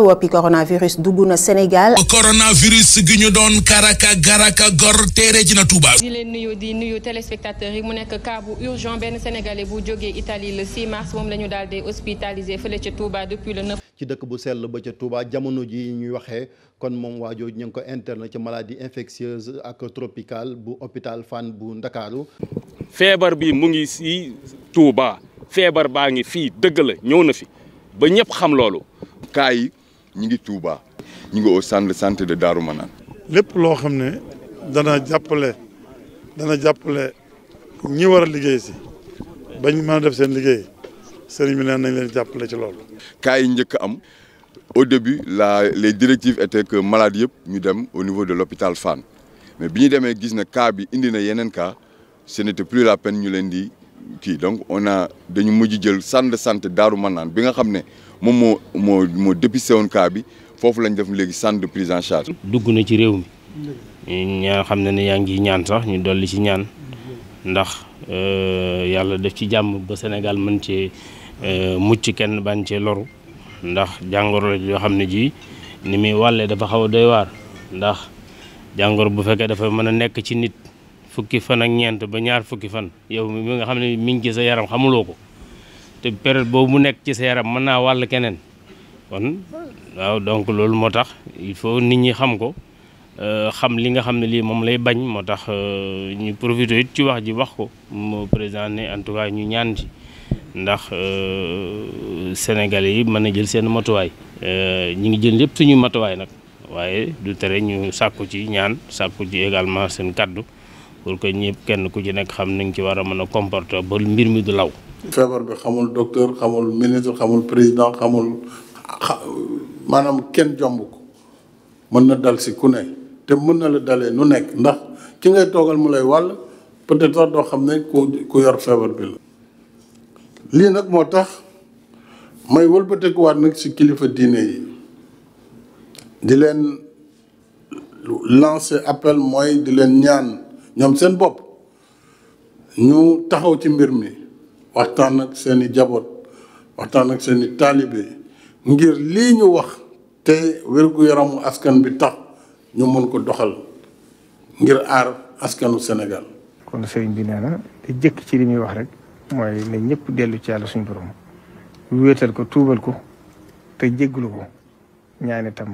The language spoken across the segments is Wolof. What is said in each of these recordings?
woppi coronavirus dugg na Sénégal. coronavirus gi ñu doon karaka garaka gor téere ji na Touba. di leen nuyu di nuyu téléspectateurs yi mu nekk cas bu urgent benn sénégalais bu jógee Italie le 6 mars moom la ñu daal di hospitalisé fële ca Touba depuis le 9. ci dëkk bu sell ba ca Touba jamono ji ñuy waxee kon moom waa jooju ñu ngi ko interne ci maladie infectieuse ak tropicale bu hôpital fan bu Ndakaaru. feebar bi mu ngi si Touba feebar baa ngi fii dëgg la ñëw na fi ñu ngi Touba ñu ngi au centre de santé de Darou Manane. lépp loo xam ne dana jàppale dana jàppale ñi war a liggéey si bañ mën a def seen liggéey sëriñ bi neen nañ leen jàppale ci loolu. cas yi njëkk am au début la les directives étaient que malade yëpp ñu dem au niveau de l'hôpital Fann mais bi ñu demee gis na cas bi indi na yeneen cas ce n'était plus la peine ñu leen di. kii donc on a dañu mujj jël centre de santé Daaru Manaan bi nga xam ne moom moo moo moo dépisté woon kaa bi foofu lañ def léegi centre de prise en charge. dugg na ci réew mi. ñaa xam ne ne yaa ngi ñaan sax ñu dolli ci ñaan ndax euh, yàlla def ci jàmm ba Sénégal mën cee euh, mucc kenn bañ cee loru ndax jàngoro la yoo xam ne ji ni muy wàllee dafa xaw a doy waar ndax jàngoro bu fekkee dafa mën a nekk ci nit. fukki fan ak ñeent ba ñaar fukki fan yow mi nga xam ne mi ngi ci sa yaram xamuloo ko te période boobu mu nekk ci sa yaram mën naa wàll keneen kon waaw donc loolu moo tax il faut nit ñi xam ko euh, xam li nga xam ne lii moom lay bañ moo tax euh, ñu profité it ci wax ji wax ko mu président ne en tout cas ñu ñaan ci ndax euh, sénégalais yi mën na jël seen matuwaay. ñu ngi jël yëpp suñu matuwaay nag waaye du tere ñu sàkku ci ñaan sàkku ci également seen kàddu. pour que ñëpp kenn ku ci nekk xam nañ ci war a mën a comporter ba mbir mi du law. feebar bi xamul docteur xamul ministre xamul président xamul maanaam kenn jomb ko mën na dal si ku ne te mën na la dalee nu nekk ndax ki ngay toogal mu lay wàll peut-être sax doo xam ne ku ku yor feebar bi la. lii nag moo tax may wëlbatikuwaat nag si kilifa diine yi di leen lancer appel mooy di leen ñaan. ñoom seen bopp ñu taxaw ci mbir mi waxtaan ak seen jaboot waxtaan ak seen i taalibe ngir lii ñu wax te wér-gu-yaramu askan bi tax ñu mën ko doxal ngir aar askanu senegal kon sëriñ bi nee na te jëkk ci li muy wax rek mooy ne ñëpp dellu ci yàlla suñu borom wéetal ko tuubal ko te jégglu ko ñaan itam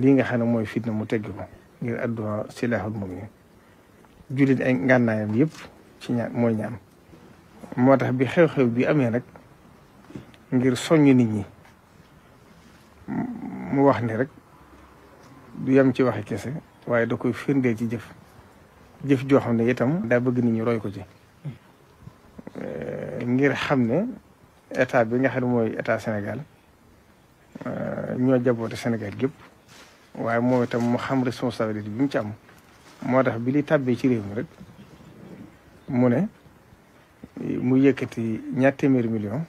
lii nga xam ne mooy fitna mu tegg ko ngir adduha silaaxul mu'min jullit ay ngànnaayam yëpp ci ñaan mooy ñaan moo tax bi xew-xew bi amee nag ngir soññ nit ñi mu wax ni rek du yem ci waxe kese waaye da koy firndee ci jëf jëf joo xam ne itam daa bëgg nit ñi roy ko ci eh, ngir xam ne état bi nga xam ne mooy état Sénégal eh, ñoo jaboote Sénégal gépp waaye moo itam mu xam responsabilité bi mu ci am moo tax bi li tàbbee ci réew mi rek mu ne mu yëkkati ñaar téeméeri million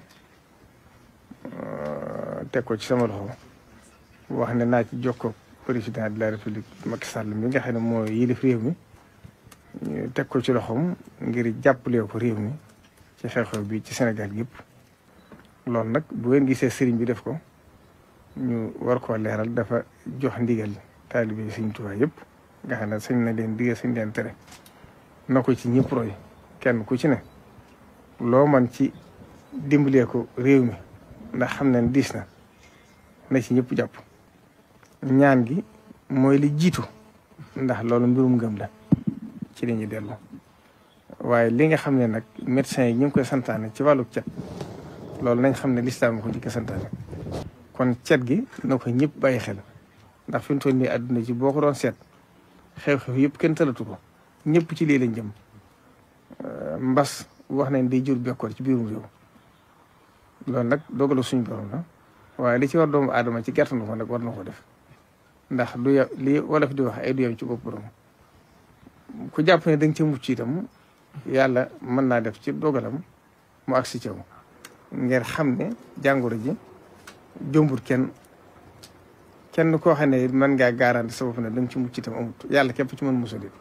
euh, teg ko ci sama loxo wax ne naa ci ko président de la république Macky Sall mi nga xam ne moo yilif réew mi teg ko ci loxoom ngir jàppalee ko réew mi ci xew-xew bi ci Sénégal yëpp loolu nag bu ngeen gisee sëriñ bi def ko ñu war koo leeral dafa jox ndigal taalibe Sëriñ Tuubaa yëpp nga xam ne sëñ na leen digee sëñ leen tere na ko ci ñëpp roy kenn ku ci ne loo man ci dimbalee ko réew mi ndax xam ne diis na na ci ñëpp jàpp ñaan gi mooy li jiitu ndax loolu mbirum ngëm la ci li ñuy dellu waaye li nga xam ne nag médecins yi ñu ngi koy santaane ci wàllu cet loolu nañ xam ne lislaam ko jëkk santaane kon cet gi na ko ñëpp bàyyi xel ndax fi mu toll nii àdduna ji boo ko doon seet xew-xew yëpp kenn talatu ko ñëpp ci lii lañ jëm euh, mbas wax nañ day jur bekkoor ci biirum réew loolu nag dogalu suñ borom la waaye li ci war doomu aadama ci gerte na ko nag war na ko def ndax du ya li wolof di wax ay du yam ci bopp borom ku jàpp ne da nga ci mucc itam yàlla mën naa def ci dogalam mu agsi ci yow xam ne jàngoro ji jombur kenn kenn koo xam ne mën ngaa garanti sa bopp ne da nga ci mucc itam amut yàlla képp ci man musal it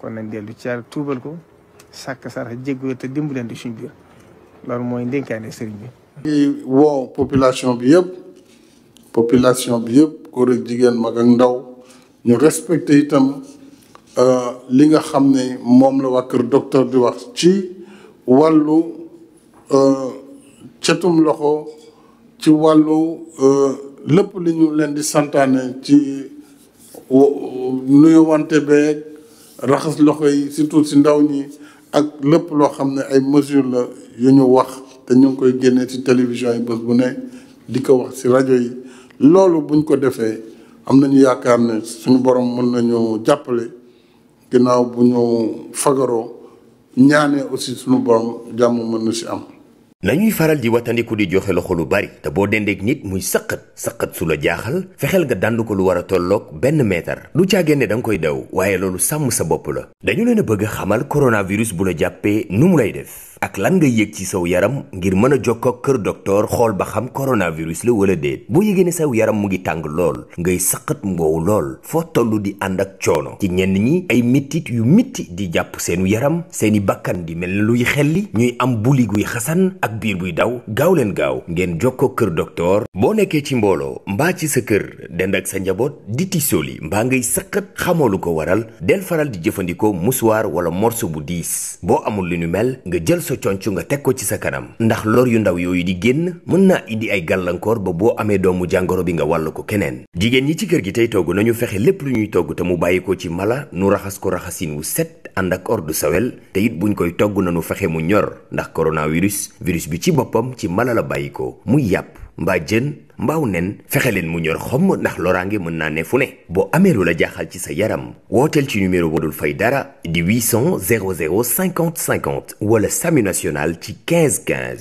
kon nañ dellu ci yàlla tuubal ko sàkk sarax jéggoo te dimbalante suñ biir loolu mooy ndénkaane sëriñ bi. ngi woo population bi yëpp population bi yëpp góor jigéen mag ndaw ñu respecté itam euh, li nga xam ne moom la waa kër docteur di wax ci wàllu euh, cetum loxo ci wàllu. Euh, lépp li ñu leen di santaane ci luy wante beeg raxas loxo yi surtout si ndaw ñi ak lépp loo xam ne ay mesures la yu ñu wax te ñu ngi koy génnee ci télévision yi bés bu ne di ko wax si rajo yi loolu buñ ko defee am nañu yaakaar ne suñu borom mën nañu jàppale ginnaaw bu ñu fagaroo ñaanee aussi suñu borom jàmm mën na si am nañuy faral di wattandiku di joxe loxo lu bari te boo dendeek nit muy sëqat sëqat su la jaaxal fexeel nga dànd ko lu war a tolloog benn meetar du caagénne da nga koy daw waaye loolu sàmm sa bopp la dañu leen a bëgg xamal coronavirus bu la jàppee nu mu lay def ak lan nga yéeg ci saw yaram ngir mën a jokkoo kër docteur xool ba xam coronavirus la wala déet boo yëgee ne saw yaram mu ngi tàng lool ngay saqat mboow lool foo tollu di ànd ak coono ci ñenn ñi ay mitit yu mitti di jàpp seenu yaram seeni bàkkan di mel luy xelli ñuy am buli guy xasan ak biir buy daw gaaw leen gaaw ngeen jog ko kër docteur boo nekkee ci mbooloo mbaa ci sa kër dend ak sa njaboot di li mbaa ngay saqat xamoo lu ko waral del faral di jëfandikoo musuwaar wala morso bu diis boo amul lu ñu sa conc nga teg ko ci sa kanam ndax lor yu ndaw yooyu di génn mën naa indi ay gàllankoor ba boo amee doomu jàngoro bi nga wàll ko keneen jigéen ñi ci kër gi tey togg ñu fexe lépp lu ñuy togg te mu bàyyi ko ci mala nu raxas ko raxasin wu set ànd ak ordu sawel te it ñu koy togg na nañu fexe mu ñor ndax coronavirus virus bi ci boppam ci mala la bàyyi ko muy yàpp mbaa jën mbaaw nen fexe leen mu ñor xomm ndax loraange mën naa ne fu ne boo amee lu la jaaxal ci sa yaram wooteel ci numéro bu dul fay dara di 800 00 50 50 wala SAMU national ci quinze 15